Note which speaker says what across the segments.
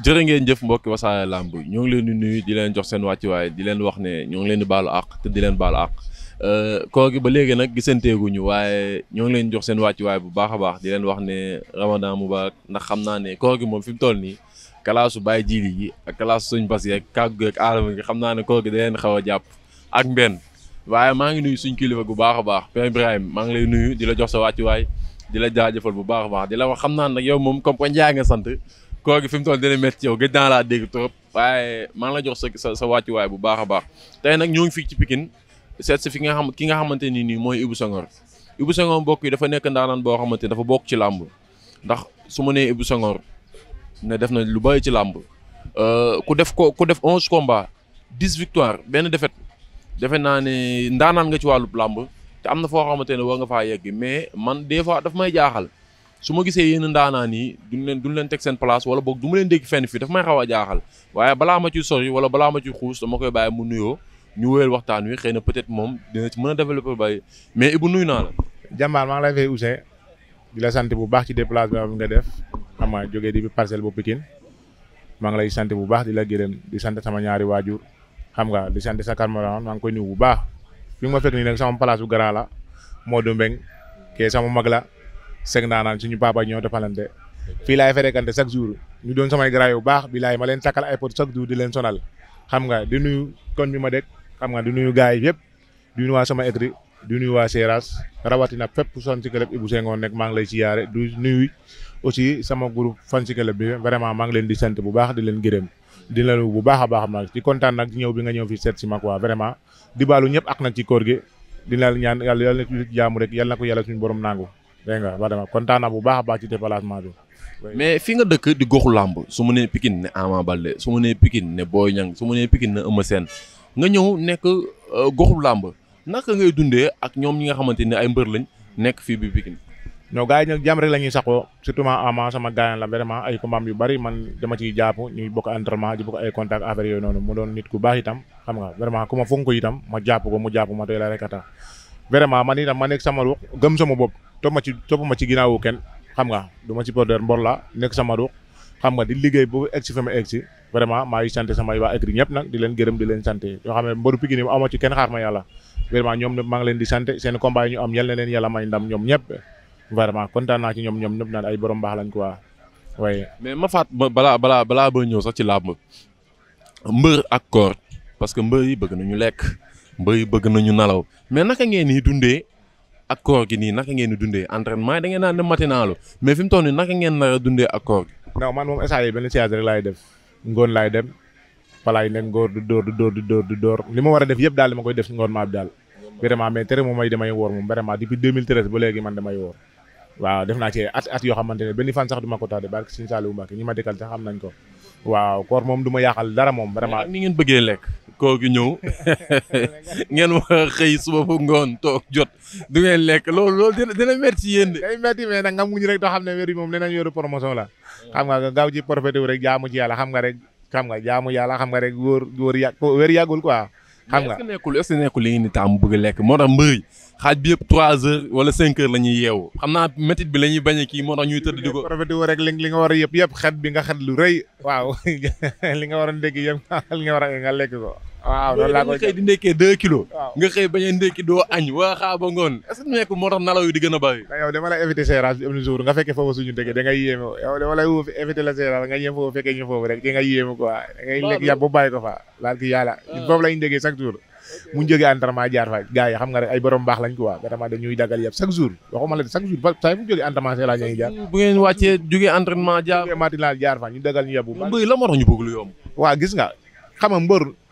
Speaker 1: jërë ngeen jëf mbokki wasaare làmb ñoo ngi leen di nuyu di leen jox seen wàccuwaay di leen wax ne ñoo ngi leen di baalu àq te di leen baalu àq euh, koo gi ba léegi nag gisanteeguñu waaye ñoo ngi leen jox seen wàccuwaay bu baax a baax di leen wax ne ramadan baax ndax xam naa ne koo moom fi mu toll nii kalaasu Baye Jili gi ak kalaas suñ bas yeeg kàggu yeeg aadama gi xam naa ne koo gi da leen xaw a jàpp ak mbenn waaye maa ngi nuyu suñ kilifa bu baax a baax Père maa ngi lay nuyu di la jox sa wàccuwaay di la jaajëfal bu baax a baax di la wax xam naa nag yow moom comme ko njaay sant koo gi fi mu toll dina métti yow gëj naa laa dégg trop waaye maa ngi la jox sa sa sa wàccuwaay bu baax a baax tey nag ñoo ngi fii ci pikin seet si fi nga xam ki nga xamante nii nii mooy Ibou Senghor Ibou Senghor mbokk yi dafa nekk ndaanaan boo xamante dafa bokk ci làmb ndax su ma nee Ibou Senghor ne def na lu bëri ci làmb euh, ku def ko ku def onze combats dix victoires benn defet defe naa ne ndaanaan nga ci wàllu làmb te am na foo xamante ne woo nga faa yegg mais man des fois daf may jaaxal su ma gisee yéen ndaanaan yi duñ leen leen teg seen place wala boog du ma leen dégg fenn fii daf may xaw a jaaxal waaye balaa ma ci sori wala balaa ma ci xuus dama koy bàyyi mu nuyoo ñu waxtaan wi xëy na peut-être moom dina mën a développer bay
Speaker 2: mais Ibou nuyu naa la. jàmbaar maa ngi lay fay Ousseyn di la sant bu baax ci déplacement bi nga def xam nga jógee di parcelle bu Pikine maa ngi lay sant bu baax di la gërëm di sant sama ñaari waajur xam nga di sant sa camarade maa ngi koy nuyu bu baax fi nga ma fekk nii nag sama place bu grand la Modou Mbeng kee sama mag la sëg naanaan suñu papa ñoo defalante fii laay ferekante chaque jour ñu doon samay garaay bu baax bilaay ma leen takkal ay pot chaque jour di leen sonal xam nga di nuyu kon bi ma dëkk xam nga di nuyu gars yi yëpp di nuyu waa sama écrit di nuyu waa Seras rawatina fépp son ci club Ibou Senghor nekk maa ngi lay siyaare di nuyu aussi sama groupe fan ci club bi vraiment maa ngi leen di sant bu baax di leen gërëm di la nuyu bu baax a baax nag ci kontaan nag ñëw bi nga ñëw fi seet si ma quoi vraiment di baalu ñëpp ak nag ci koor gi di la ñaan yàlla yàlla na rek yàlla na ko yàlla suñu borom nangu dégg nga Badama kontaan naa bu baax a baax ci déplacement bi.
Speaker 1: mais fi nga dëkk di goxu làmb su ma nee pikin ne Ama Baldé su ma nee pikin ne Boy Niang su ma nee Pikine ne Eumeu Sène nga ñëw nekk euh, goxu làmb naka ngay dundee ak ñoom ñi nga xamante ne ay mbër lañ nekk fii bi Pikine.
Speaker 2: non gars yi nag jàmm rek la ñuy saxoo surtout ma Ama sama gars la vraiment ay combat yu bari man dama ciy jàpp ñuy bokk entraînement di bokk ay contact affaire yooyu noonu mu doon nit ku baax itam xam nga vraiment ku ma fonk ko ma jàpp ko mu jàpp ma tey la rek a tax vraiment man ma nekk sama gëm sama bopp topp ma ci topp ma ci kenn xam nga du ma supporter Mbor nekk sama ruux xam nga di liggéey bu egg si fa ma egg si vraiment maa ngi sant samay waa écrit ñëpp nag di leen gërëm di leen sant yoo xam ne Mboru Pikine amoo ci kenn xaar ma am yal na leen yàlla may ndam ñoom ñëpp vraiment kontaan naa ci ñoom ñoom ñëpp naan ay borom baax lañ quoi
Speaker 1: waaye. mais ma faat balaa balaa balaa ba ñëw sax ci làmb mbër ak koor parce que mbër yi bëgg nañu lekk mbër yi bëgg nañu nalaw mais naka ak koor gi nii naka ngeen di dundee entraînement yi da ngeen naan ne matinalu mais fi mu nii naka ngeen nar
Speaker 2: a dundee ak gi. non man moom instant yii benn siège rek laay def ngoon laay dem falaay leen góor du door du dóor du dóor du dóor li ma war a def yëpp daal li ma koy def si ngoon maa bi daal vraiment mais tere moom may damay woor moom vraiment depuis 2013 ba léegi man damay woor waaw def naa ci at at yoo xamante ne benn fan sax du ko tax de sax xam ko waaw koor moom du ma yàqal dara moom vraiment. Ah, ni
Speaker 1: ngeen bëggee lekk. ko gi ñëw ngeen wax xëy suba fu ngoon toog jot
Speaker 2: du ngeen lekk lool loolu dina dina métti yéen de. day métti mais nag nga muñ rek doo xam ne weer bi moom nee nañ yoru promotion la. xam nga gaaw ji profité wu rek jaamu ci yàlla xam nga rek xam nga jaamu yàlla xam nga rek wóor wóor yà wóor yàggul quoi. xam nga est ce
Speaker 1: que nekkul est li ngeen di taamu bëgg lekk moo tax mbëri xaaj bi yëpp 3 heures wala 5 heures la ñuy yeewu
Speaker 2: xam naa métit bi la ñuy bañ a kii moo tax ñuy tëdd di ko. profité li nga war a yëpp yëpp xet bi nga xet lu rëy. waaw li nga war a dégg yëpp li nga war a nga lekk ko. waaw loolu laa koy xëy di ndekkee deux kilos. nga xëy bañ a ndekki doo añ waa xaa ngoon est ce moo tax nalaw yi di gën a bari. yow dama lay invité séerage na jour nga fekkee foofu suñu ko yàlla ah. foofu lañ déggee chaque jour mu jógee entraînement ay borom baax lañ quoi vraiment dañuy dagal yàpp chaque jour waxuma la chaque jour saa bu jógee entraînement séerage ñuy waa gis nga xam mbër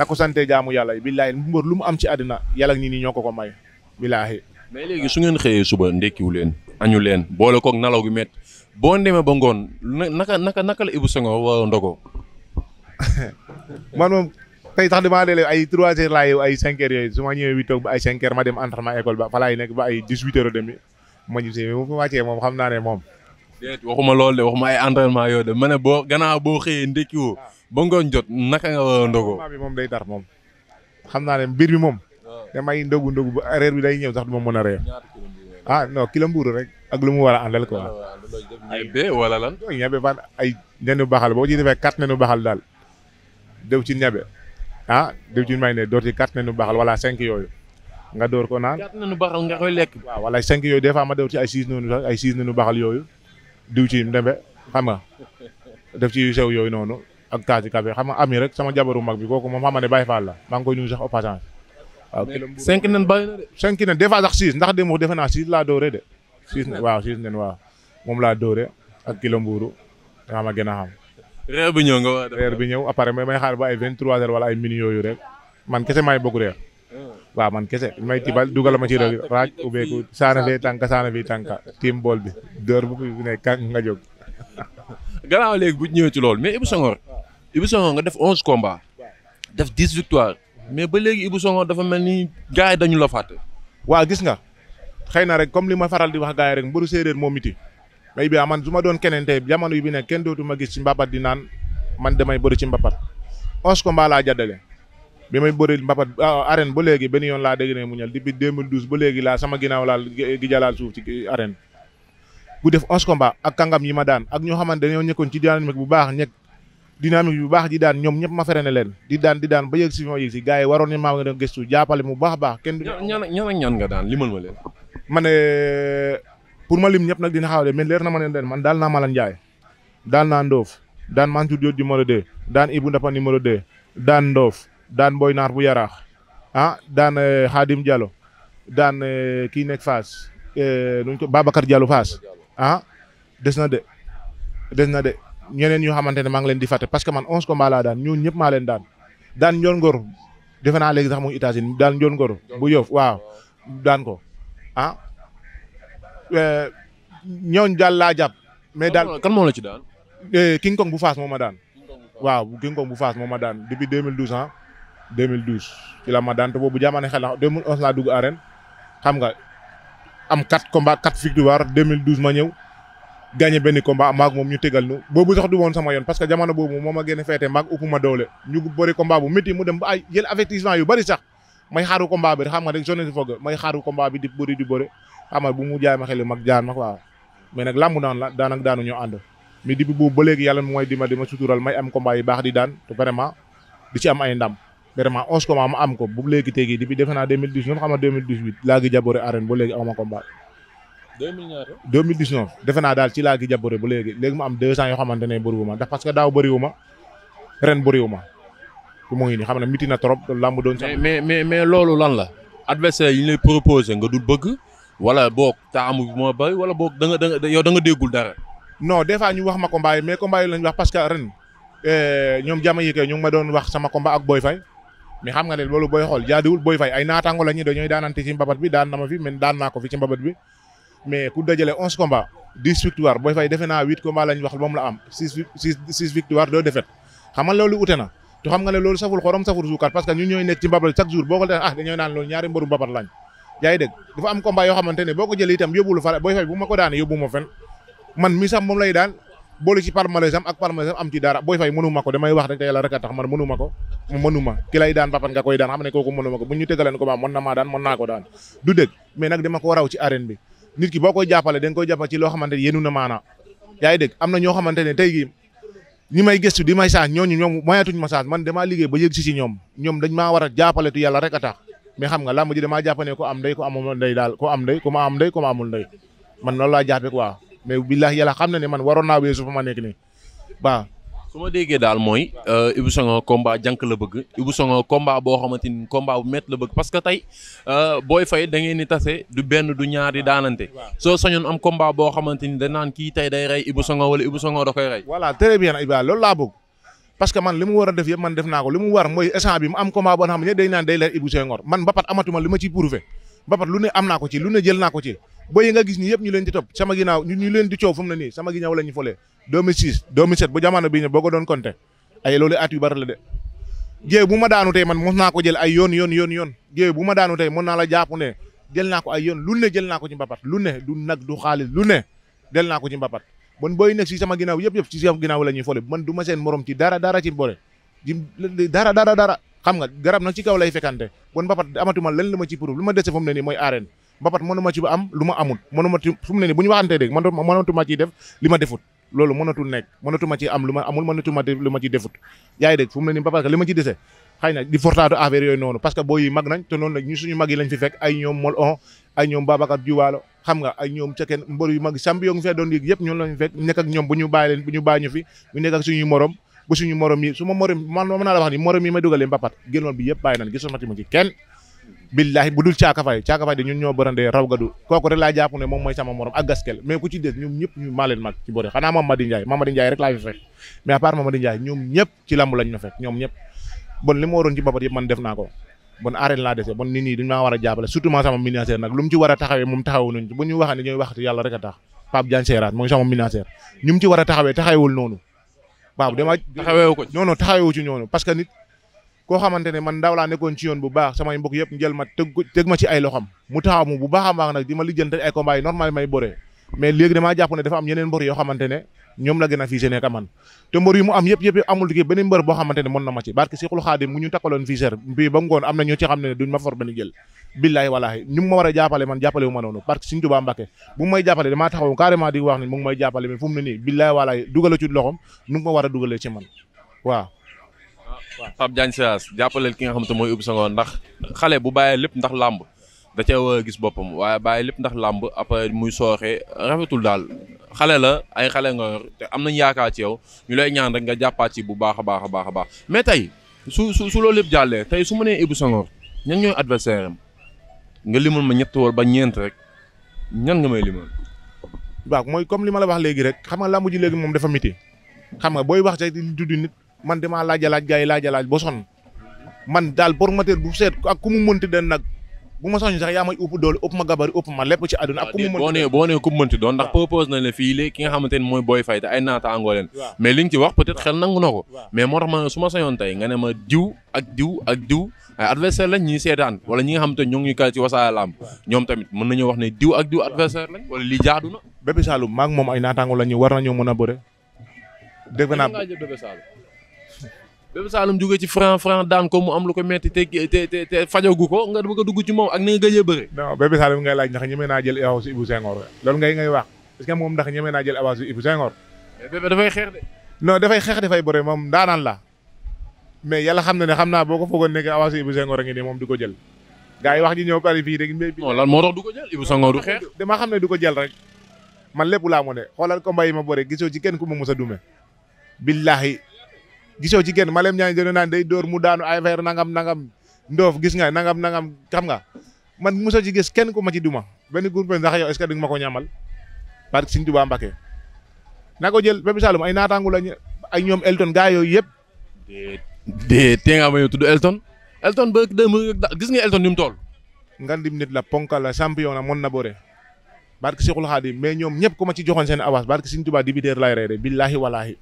Speaker 2: na ko sante jaamu yàlla yi billaahi lu mu am ci àddina yàlla ak nit ñoo ko ko may billaahi mais léegi
Speaker 1: su ngeen xëyee suba ndekkiwu leen añu leen boole koog nalaw gi met boo demee ba ngoon naka naka naka la Ibou Senghor wa ndogoo
Speaker 2: man moom tey tax damaa deelee ay trois heures ay cinq heures yooyu su ma ñëwee huit ba ay cinq heures ma dem entraînement école ba fa nekk ba ay dix huit heures demi ma ñu mu wàccee moom xam naa ne moom
Speaker 1: déet waxuma loolu
Speaker 2: de waxuma ay entraînement yooyu de ma
Speaker 1: ne boo gannaaw boo xëyee ndekkiwoo ah. ba ngoon jot naka nga war a bi
Speaker 2: moom day dar moom xam naa ne mbir bi moom. Ah. damay ndogu ndogu ba reer bi day ñëw sax du ma mën a reer. ah non kilo mbuuru rek ak lu mu war a àndal quoi. ñebe wala lan. ñebe fan ay nenu baxal boo ci defee quatre nenu baxal daal dew ci ñebe ah def ci may ne door nenu baxal wala cinq yooyu. nga door ko naan quatre nenu baxal nga koy lekk. waaw wala cinq yooyu des fois ci ay six nenu ay six nenu baxal yooyu. diw ci ndembe xam nga def ci sew yooyu noonu ak taasi café xam nga am yi rek sama jabaru mag bi kooku moom xam nga ne Baye Fall la maa ngi koy nuyu sax au waaw ah, cinq nen bàyyi na de. cinq nen des fois sax six ndax démb defe naa six laa doore de. six nen moom laa doore ak kilo mbuuru maa ma xam. reer bi ñëw nga waa bi ñëw après may xaar ba ay vingt trois heures wala ay mini yooyu rek man kese maay bokk reer. waaw man kese may tibal dugal ma ci rëg raaj ubbeeku saana fee tànka saana fii tànka tiim bool bi dóor bu fi ne kànk nga jóg
Speaker 1: gannaaw léegi bu ñëwee ci lool mais Ibou Senghor nga def onze combats def dix victoires
Speaker 2: mais ba léegi Ibou Senghor dafa mel ni gars dañu la fàtte waaw gis nga xëy na rek comme li ma faral di wax gars yi rek mbëru séeréer moo miti may bi ah, man su ma doon keneen tey jamono yi bi ne kenn dootu ma gis ci mbapat di naan man damay bëri ci mbapat onze combats laa bi may bëri mbapat ah, arène ba léegi benn yoon laa dégg ne mu ñal depuis 2012 ba léegi laa sama ginnaaw laal gi jalaal suuf ci arène bu def os combat ak kàngam yi ma daan ak ñoo xamante dañoo ñëkkoon ci dynamique bu baax ñekk dynamique bu baax ji daan ñoom ñëpp ma ferene leen di daan di daan ba yëg si ma yëg si gars yi waroon nañ maa nga doon gëstu jàppale mu baax baax kenn du ñan ak ñan nga daan limal ma leen ma ne pour ma lim ñëpp nag dina xaw de mais leer na ma ne leen man daal naa Malang Ndiaye daal naa Ndoof daan Mansour Diop numéro 2 daan Ibou Ndapa numéro 2 daan Ndoof daan Boy Naar bu yaraax a ah, daan eh, Khadim Diallo daan eh, kii nekk Fass eh, nuñ ko Babacar Diallo Fass ah na de na de ñeneen ñu xamante ne maa ngi leen di fàtte parce que man onze combats laa daan ñooñu ñëpp maaleen daan daan Ndiol Ngor defe naa léegi sax mu ngi États-Unis daan Ndiol Ngor bu yof waaw daan ko a ah. ñooñu daal laa jàpp. mais daal kan moo la ci daan. King Kong bu Fass moo a daan. waaw King Kong bu Fass moo ma daan depuis 2012 ah. 2012 ci la ma daan te boobu jamono xel na dugg arène xam nga am 4 combats 4 victoires 2012 ma ñëw gagné benn combat maag moom ñu tegal ñu boobu sax du woon sama parce que jamono boobu moo ma gën a féetee maag ëpp ma doole ñu yu bëri sax may xaaru combat bi xam nga rek journée si foog may xaaru combat bi di bëri di bëri xam nga bu mu jaay ma xel mag jaan ma waaw mais nag naan la daanak daanu ñoo ànd mais depuis boobu ba léegi yàlla mooy dima dima sutural may am combat yu baax di daan te vraiment di ci am ay ndam vraiment onze combat ma am ko bu léegi tey jii depuis defe naa 2019 xam nga 2018 laa gi jabore arène ba léegi aw ma combat. 2019 2019 defe naa daal ci laa gi jabore ba léegi léegi ma am deux ans yoo xamante ne bëriwuma ndax parce que daaw bëriwuma ren bëriwuma bu mu ngi nii xam ne miti na trop làmb doon.
Speaker 1: mais mais mais mais loolu lan la. adversaire yi ñu lay proposé nga dul bëgg wala boog taamu bi moo bëri wala boog da nga da nga yow da nga déggul dara.
Speaker 2: non des fois ñu wax ma combat yi mais combat yi lañ wax parce que ren eh, ñoom jàmm yi kay ñu ngi ma doon wax sama combat ak Boy Faye mais xam nga ne loolu booy xool jaaduwul booy fay ay naataango la ñu dañooy daanante ci mbabat bi daan na ma fi man daan naa fi ci mbabat bi mais ku dajale onze combats dix victoire booy fay defe naa huit combats lañ wax moom la am six six six victoire deux défaites loolu ute na xam nga ne loolu saful xorom saful suukar parce que ñun ñooy nekk ci mbabat chaque jour boo ko defee ah dañooy naan loolu ñaari mbaru mbabat lañ yaa ngi dégg am combat yoo xamante ne boole ci palmarès am ak palmarès am ci dara Boy Faye mënuma ko damay wax rek te yàlla rek a tax man mënuma ko ki lay daan papat koy daan xam ne kooku mënuma ko bu xamante ne yéenu na maana yaa ngi dégg am na ñoo xamante ma saag man damaa liggéey ba yëg si si maa war a jàppale tu yàlla rek a tax xam nga làmb ji damaa jàpp ne ko am ndey ko amul ko am ndey ko ma am man noonu laa jàppe quoi mais billahi yalla xam na ne man waroon naa weesu fa ma nekk nii waaw.
Speaker 1: su ma déggee daal mooy euh, Ibou Sango combat jànk la bëgg Ibou Sango boo xamante ni combat bu métti la bëgg parce que tey euh, booy fay da ngeen di tase du benn du ñaar di daanante. soo sañoon am combat boo xamante ni dañ naan kii tey day rey Ibou Sango wala Ibou Sango da koy rey. voilà très bien
Speaker 2: Iba loolu laa bëgg parce que man li mu war a def yëpp man def naa ko li mu war mooy échange bi mu am combat boo xam ne day naan day li ma ciy prouvé mbapat lu ne am naa ko ci lu ne jël naa ko ci boy yi nga gis nii yëpp ñu leen di topp sama ginnaaw ñu leen di coow fu mu ne nii sama ginnaaw la ñu folee 2006 2007 bu jamono bii ne boo ko doon ay loolu at yu bari de géew bu ma man mos naa ko jël ay yoon yoon yoon yoon géew bu ma daanu tey mën la jàpp ne jël naa ko ay yoon lu ne jël naa ko ci mbapat lu ne du nag du xaalis lu ne jël naa ko ci mbapat bon booy nekk si sama ginnaaw yëpp yëpp si sama ginnaaw la ñuy fole man du ma seen morom ci dara dara ci boole ji dara dara nga garab nag ci kaw lay fekkante bon mbapat amatuma len la ma ci mooy arène mbapat mënuma ci am lu ma amul mënuma ci fu mu ne nii bu ñu waxantee dégg mënatuma def li ma defut loolu mënatul nekk mënatuma ci am lu ma amul mënatuma def lu ma ci defut yaa ngi dégg fu mu ne nii parce que li ma ci dese xëy na di fortaatu affaire yooyu noonu parce que boo yi mag nañ te noonu la ñu suñu mag yi lañ fi fekk ay ñoom doon yëg yëpp ñoom lañ fekk nekk ñoom bu ñu bàyyi ñu fi ñu nekk morom bu suñu morom yi morom man naa la wax ni may dugalee mbapat génnoon bi yëpp bàyyi nañ gisuma billahi bu dul caaka fay caaka fay de ñun ñoo bërandee raw gadu kooku rek laa jàpp moom mooy sama morom ak gaskel mais ku ci des ñoom ñëpp ñu maa leen mag ci bëri xanaa Mamadi Ndiaye Mamadi Ndiaye rek laa fi fekk mais à part Mamadi Ndiaye ñoom ñëpp ci lamb ñoom ñëpp bon li ci boppam yëpp man def ko bon arène laa dese bon nit ñi dañ maa war a jàppale surtout sama miniature nag lu ci war taxawee moom taxawu nañ bu ñu waxee ne ñooy waxati rek koo xamante ne man ndaw laa nekkoon ci yoon bu baax samay mbokk yëpp njël ma tëg ma ci ay loxam mu taxaw mu bu baax a baax nag di ma lijjanti ay combat yi normal may bëree mais léegi damaa jàpp ne dafa am ne ñoom la gën a boo xamante ne mën na ma ci barke a jàppale man jàppale wu ma jàppale damaa taxaw carrément di wax ne mu ngi may jàppale mais fu mu ne nii billaay walaahi dugala ci loxom nu ma war a dugalee ci man waaw
Speaker 1: Pape Diagne Seras jàppaleel ki nga xam xamante mooy ubbi sangoon ndax xale bu bàyyee lépp ndax làmb da cee war a gis boppam waaye bàyyi lépp ndax làmb après muy sooxee rafetul daal xale la ay xale nga yor te am nañ yaakaar ci yow ñu lay ñaan rek nga jàppaat ci bu baax a baax a baax a baax mais tey su su su loolu lépp jàllee tey su ma nee Ibou
Speaker 2: Senghor ñan ñooy adversaire am nga limal ma ñett wala ba ñeent rek ñan nga may limal. waaw mooy comme li ma la wax léegi rek xam nga làmb ji léegi moom dafa miti xam nga booy wax ci man damaa laaj laaj gars yi laaj laaj ba sonn man daal promoteur bu seet ak ku mu mënti den nag bu ma soxla sax yaa may ëpp doole ëpp ma gabari ëpp ma lépp ci àdduna ak ku mu ah, mënti
Speaker 1: boo nee boo nee ku mu mënti doon ndax propose nañ la ma soñoon tey nga ne ma diw ak diw ak diw ay adversaire seetaan wala ñi nga xamante ni ñoo ngi kal ci Wassare Lamb ñoom tamit mën nañoo wax ne diw ak diw adversaire
Speaker 2: lañ wala lii jaadu na Bébé Saloum maak moom ay naataangoo la ñu war nañoo mën a bëre dégg naa Bébé Saloum jóge ci franc franc daan ko mu am lu ko metti te te te fajagu ko nga bëgg a dugg ci moom ak ni nga gëjee bëre. non Bébé Saloum ngay laaj ndax ñeme naa jël avance Ibou Senghor loolu ngay ngay wax est que moom ndax ñeme naa jël avance Ibou Senghor. xeex de. non dafay xeex dafay bëre moom daanaan la mais yàlla xam na ne xam naa boo ko foogoon nekk avance a ngi moom du ko jël. gars yi wax ji ñëw pare fii rek. non lan moo tax du jël Ibou Senghor du xeex. dama xam ne du ko jël rek man lépp laa mu ne xoolal combat yi ma bëre gisoo ci kenn ku ma mës a dume billahi gisoo ci kenn Malem Niang dina naan day dóor mu daanu ay affaire nangam nangam ndoof gis nga nangam nangam xam nga man mosoo ci gis kenn ku ma ci duma benn groupe ndax yow est ma ko ñamal parce que Sëriñ Tuubaa Mbàkke ko jël Bébé Saloum ay naataangu lañu ay ñoom Elton gaa yooyu yëpp.
Speaker 1: de tee nga ma yow tudd Elton.
Speaker 2: Elton ba gis mu toll. ngandim nit la ponkal la champion la mën na bëre. barke Seexul Xaadim ci joxoon seen avance barke Sëriñ Tuubaa dibiteer lay reere billahi walahi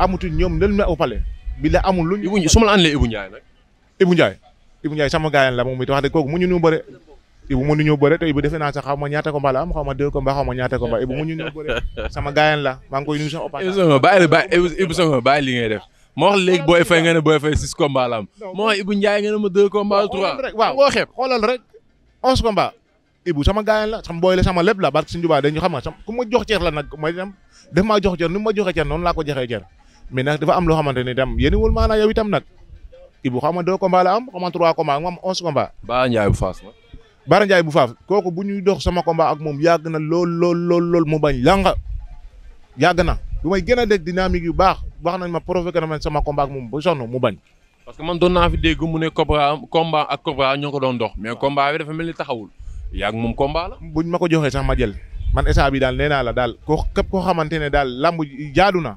Speaker 2: amutuñ ñoom la au palais bi la amul luñ. Ibou su ma la andalee Ibou Ndiaye nag. Ibou Ndiaye sama gaayan la moom it wax de kooku mu ñu bëre. Ibou mënu ñoo bëre te Ibou defe naa sax xaw ma ñaata combat la ma deux combat xaw ma ñaata combat Ibou mënu ñoo bëre sama gaayan la maa ngi sax au palais. Sama bàyyi la bàyyi
Speaker 1: Ibou Sama bàyyi li ngay def. ma wax léegi booy fay nga ne booy fay six ma
Speaker 2: wax Ibou Ndiaye nga ne ma deux combat trois. waaw boo xeeb xoolal rek onze combat Ibou sama gaayan la sama booy la sama lépp la barke suñu jubaa dañu xam nga jox ceer la nag mooy dem def maa jox ceer ni ma joxe ceer noonu laa ko joxee ceer mais nag dafa am loo xamante ne tam yéen wul maanaam yow itam nag Ibou xam nga deux combats la am xam nga trois combats mu am onze combats. Baara Ndiaye bu Faas ma. bu Faas kooku bu ñuy dox sama combat ak moom yàgg na lool lool lool lool mu bañ langa yàgg na bu may gën a dégg dynamique yu baax wax nañ ma provoqué na sama combat moom ba sonn mu bañ.
Speaker 1: parce que man doon naa fi dégg mu ne Cobra
Speaker 2: combat ak Cobra ñoo ko doon dox mais combat dafa mel ni taxawul yàgg moom combat la. buñ ma ko joxe sax ma jël man état bi daal nee naa la daal koo képp koo xamante ne daal làmb jaadu na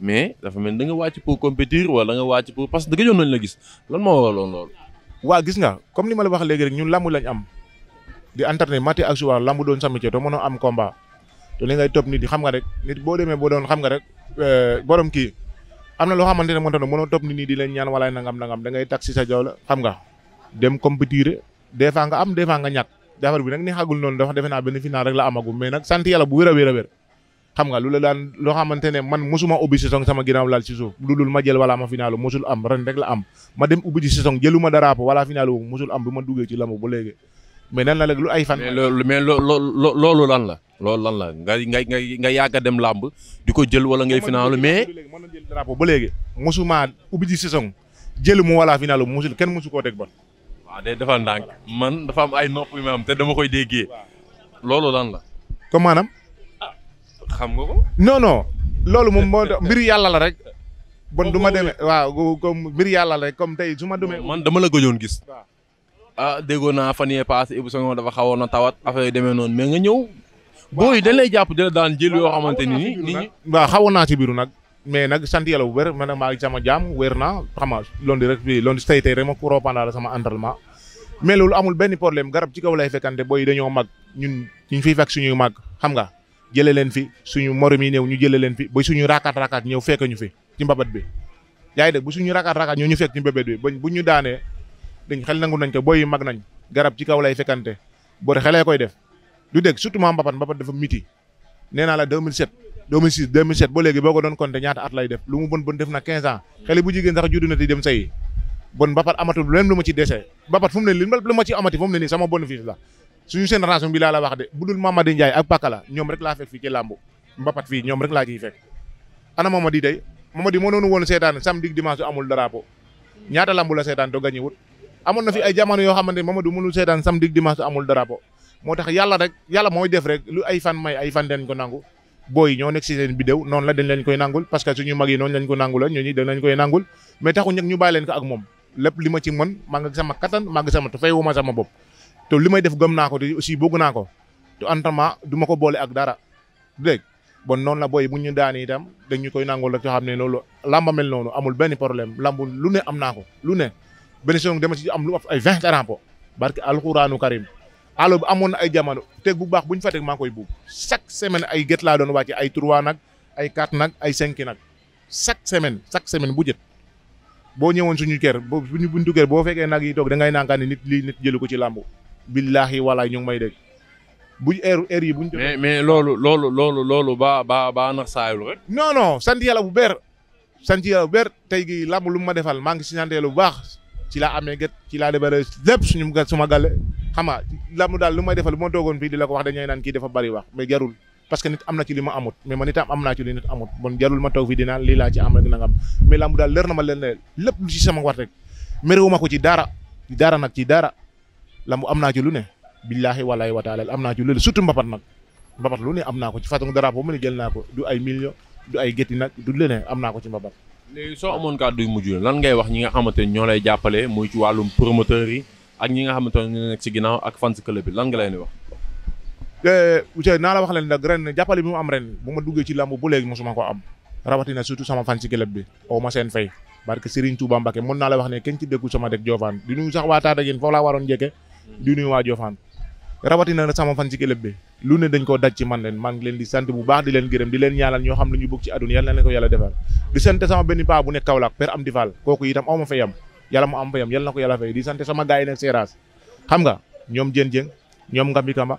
Speaker 2: mais dafa mel da nga wàcc pour compétir wala nga wàcc pour parce que dëgg yoon nañ la gis lan moo waraloon loolu. waa gis nga comme ni ma la wax léegi rek ñun lamb lañ am di entraîné matin ak soir doon sama métier te mënoo am combat te li ngay topp xam nga rek nit boo demee boo doon xam nga rek euh, borom kii na loo xamante ne mënta mënoo topp nit ñi di leen ñaan walaay nangam nangam da ngay tax si sa jaww xam nga dem compétir des fois nga am des fois nga ñàkk jafar bi a ni xagul noonu dafa defe naa benn final rek la amagum mais nag sant yàlla bu wér a wér a wér xam nga lu la daan loo xamante ne man mosuma ubbi saison sama ginnaaw laal ci suuf lu dul ma jël wala ma finaalu mosul am ren rek la am ma dem ubbi ci saison jëluma drapeau wala finaalu wu mosul am bi ma duggee ci lamb ba léegi mais nan la léegi lu ay fan. mais loolu mais loolu
Speaker 1: lan la. loolu lan la nga nga nga nga yàgg a dem làmb di ko jël wala ngay finaalu mais. mën
Speaker 2: na jël drapeau ba léegi mosuma ubbi ci saison jël mu wala finaalu mosul kenn mosu koo teg ba.
Speaker 1: waaw day defal ndànk man dafa am ay nopp yu ma am te dama koy déggee. loolu lan la. comme maanaam. xam nga ko.
Speaker 2: non non loolu moom moo mbir yàlla la rek. bon du ma demee waaw comme mbir yàlla la rek comme tey su ma demee. man dama la gëjoon gis.
Speaker 1: a ah, déggoo naa fan yee passé Ibou Senghor dafa xawoon na tawat affaire yi demee noonu mais nga ñëw.
Speaker 2: booy dañ jàpp dina daan jël yoo xamante ni nit ñi. xawoon naa ci biiru nag. mais nag sant yàlla bu wér man nag maa ngi sama jaam wér na xam nga loolu rek bi loolu tey rek ma kuroo pendant sama entraînement mais loolu amul benn problème garab ci kaw lay fekkante booy dañoo mag ñun ñu fak fekk suñuy mag xam nga jëlee leen fi suñu morom yi ñëw ñu jëlee leen fi ba suñu raakaat raakaat ñëw fekk ñu fi ci mbabat bi yaa ngi dégg bu suñu raakaat raakaat ñëw ñu fekk ci mbabat bi buñ ñu daanee dañ xel nangu nañ ko booy mag nañ garab ci kaw lay fekkante boori xelee koy def du dégg surtout ma mbapat mbapat dafa miti nee naa la 2007 2006 2007 ba léegi boo ko doon compter ñaata at lay def lu mu bon bon def na 15 ans xale bu jigéen sax juddu na di dem sayi bon mbapat amatul leen lu ma ci dese mbapat fu mu ne li lu ma sama bénéfice la suñu génération bi laa la wax de bu dul Mamadi Ndiaye ak Pakala ñoom rek laa fekk fii ci làmb mbapat fii ñoom rek laa ciy fekk ana Mamadi tey Mamadi moo noonu woon seetaan samedi dimanche amul drapeau ñaata làmb la seetaan to gañewut amoon na fi ay jamono yoo xamante ne Mamadi mënul seetaan samedi dimanche amul drapeau moo tax yàlla rek yàlla mooy def rek lu ay fan may ay fan dañ ko nangu booy ñoo nekk si seen bidéw noonu la dañ leen koy nangul parce que suñu mag yi noonu lañ ko nangul la ñooñu dañ leen koy nangul mais taxu ñag ñu bàyyi leen ko ak moom lépp li ma ci mën maa bopp te li may def gëm naa ko te aussi bëgg naa ko te entraînement du ko boole ak dara dégg bon noonu la booy bu ñu daan itam dañu koy nangul la yoo xam ne loolu lamba mel noonu amul benn problème lamb lu ne am naa ko lu ne benn saison dama ci am lu ay vingt rampo barke alxuraanu karim allo bi amoon na ay jamono teg bu baax bu ñu fa teg maa koy buub chaque semaine ay gét laa doon wàcce ay trois nag ay quatre nag ay cinq nag chaque semaine chaque semaine bu jët boo ñëwoon suñu kër boo suñu buntu boo fekkee nag yi toog da ngay naan ni nit lii nit ko ci làmb billaahi walaay ñu ngi may dégg buñ heure yi buñ. mais mais loolu loolu loolu loolu ba ba ba nax saayul rek. non non sant yàlla bu beer sant yàlla bu beer tey gi lamb lu ma defal maa ngi si sant yàlla bu baax ci laa amee gët ci laa defaree lépp suñu suma gàlle xam nga daal lu may defal bu ma toogoon fii di la ko wax dañuy naan kii dafa bari wax mais jarul. parce que nit am na ci li ma amut mais man itam am naa ci li nit amut bon jarul ma toog fii dinaan daal leer na ma leen ne lépp lu sama war rek merewuma ko ci dara ci dara nag ci dara lamb am naa ci lu ne billaahi ay wataala am naa ci lu ne surtout mbapat nag mbapat lu ne am naa ko ci façon drapeau mu ne jël naa ko du ay million du ay gétti nag du leneen am naa ko ci mbapat
Speaker 1: léegi soo amoon kàddu yu mujj lan ngay wax ñi nga xamante ne ñoo lay jàppale muy ci wàllum promoteur yi ak ñi nga xamante ne ñoo nekk ci ginnaaw ak fans club bi lan nga leen di wax
Speaker 2: eh, Ousseyn naa la wax leen nag ren jàppale bi mu am ren bu ma duggee ci làmb bu léegi mosuma ko am rawatina surtout sama fan si club bi aw ma seen fay barke Serigne Touba Mbacke mën naa la wax ne kenn ci di nuyu waa Jofaan rawatina sama fan ci club bi lu ne dañ koo daj ci man leen maa ngi leen di sant bu baax di leen gërëm di leen ñaanal ñoo xam lu ñu bëgg ci àdduna yàlla na leen ko yàlla defal di sant sama benn paa bu nekk Kaolack père Amdi Fall kooku itam aw ma fayam yàlla mu am fayam yàlla na ko yàlla fay di sant sama gars yi nekk Seras xam nga ñoom Dieng Dieng ñoom Ngambi Kamba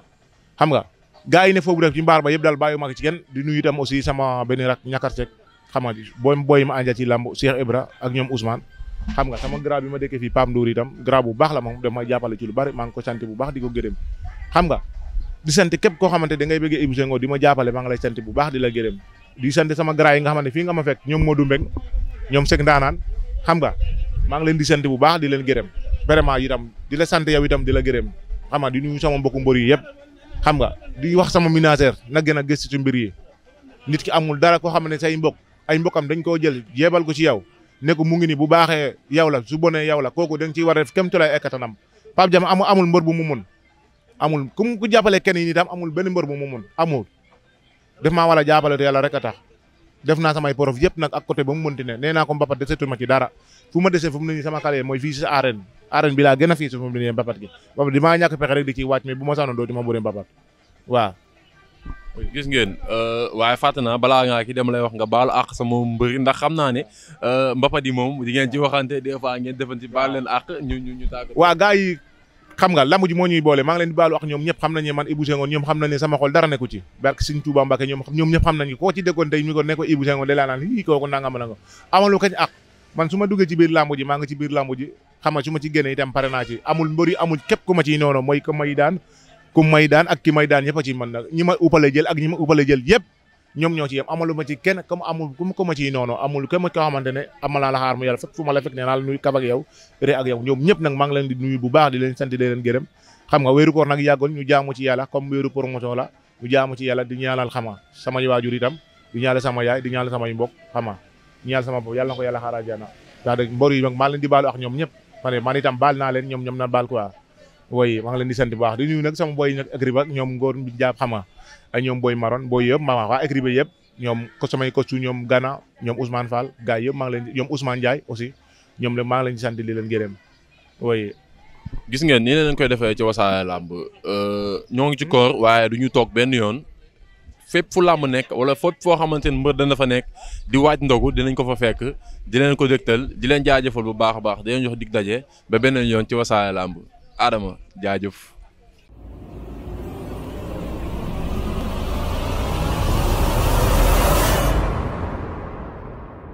Speaker 2: xam nga gars yi ne foofu rek ci mbaar ba yëpp daal bàyyi ma ci kenn di nuyu itam aussi sama benn rak ñàkkar sek xam nga booy booy ma ànda ci lamb ak ñoom Ousmane xam nga sama grand yi ma dëkkee fii Pape Ndour itam grand bu baax la moom dama jàppale ci lu bari maa ngi ko sant bu baax di ko gërëm xam nga di sant képp koo xamante da ngay bëggee Ibou Senghor di ma jàppale maa ngi lay sant bu baax di la gërëm di sant sama grand yi nga xamante fii nga ma fekk ñoom Modou Mbeng ñoom Seck Ndaanaan xam nga maa ngi leen di sant bu baax di leen gërëm vraiment itam di la sant yow itam di la gërëm xam nga di nuyu sama mbokku mbër yi yëpp xam nga di wax sama ménagère na gën a gëstu ci mbir yi nit ki amul dara koo xam ne say mbok ay mbokkam dañ koo jël yebal ko ci yow ne ko mu ngi ni bu baaxee yow la su bonee yow la kooku da nga ciy war a def kéem tolluwaay ay kattanam Pape amul mbër bu mu mun amul ku ku jàppale kenn yi tam amul benn mbër bu mu mun amul def maa war a jàppale te yàlla rek a tax def naa samay prof yëpp nag ak côté ba mu mënti ne nee naa ko mbapat desetu ma ci dara fu ma desee fu mu ne nii mooy fii si arène arène bi laa a fii si fu mu nii mbapat gi mbapat di maa ñàkk pexe rek di ciy wàcc mais bu ma saanoon
Speaker 1: gis ngeen euh, waaye fàtte naa balaa ngaa ki lay wax nga baal sama mbëri ndax xam naa ne euh, mbapat yi moom di ngeen ci waxante des fois ngeen defan ci baal leen àq ñu ñu ñu tàgg waa
Speaker 2: gars yi xam nga lamb moo ñuy boole maa leen di baalu ñoom ñëpp xam nañ man Ibou Senghor ñoom xam nañ sama xol dara nekku ci barke Serigne Touba Mbacké ñoom ñoom xam nañ ko ci déggoon tey mi ko nekk Ibou Senghor da laa naan i kooku nangam nangam amalu kañ àq man su ma duggee ci biir lamb ji maa ngi ci biir ku may daan ak ki may daan yëpp a ci man nag ñi ma jël ak ñi ñoom ñoo ci yem amalu ma ci kenn comme amul ku ko ma ciy noonu amul ku ma ko xamante ne amalaa la xaar mu ak yow ñoom ñëpp nag maa leen di nuyu bu baax di leen sant di leen gërëm xam nga wéeru la ñu jaamu ci yàlla di ñaanal xama sama waajur yaay di ñaanal samay mbokk xama di ñaanal sama bopp yàlla na ko yàlla xaar àjjana wax leen di baalu ak ñoom ñëpp man itam baal naa leen ñoom ñoom na baal quoi booy maa ngi leen di sant bu baax di nuyu nag sama booy nag agri ba ñoom ngóor bi ñoom booy maron booy yëpp maa waa agri ba yëpp ñoom ko samay coach ñoom Gana ñoom Ousmane Fall gars yëpp maa ngi leen ñoom Ousmane Ndiaye aussi ñoom la maa ngi di sant li leen gërëm booy gis ngeen ni leen koy defee ci Wassare
Speaker 1: Lamb euh, ñoo ngi ci koor waaye du ñu toog benn yoon fépp fu làmb nekk wala foog foo xamante ni mbër dana fa nekk di waaj ndogu dinañ ko fa fekk di leen ko dégtal di leen jaajëfal bu baax a baax di jox dig daje ba beneen yoon ci Wassare Lamb Adama jaajëf.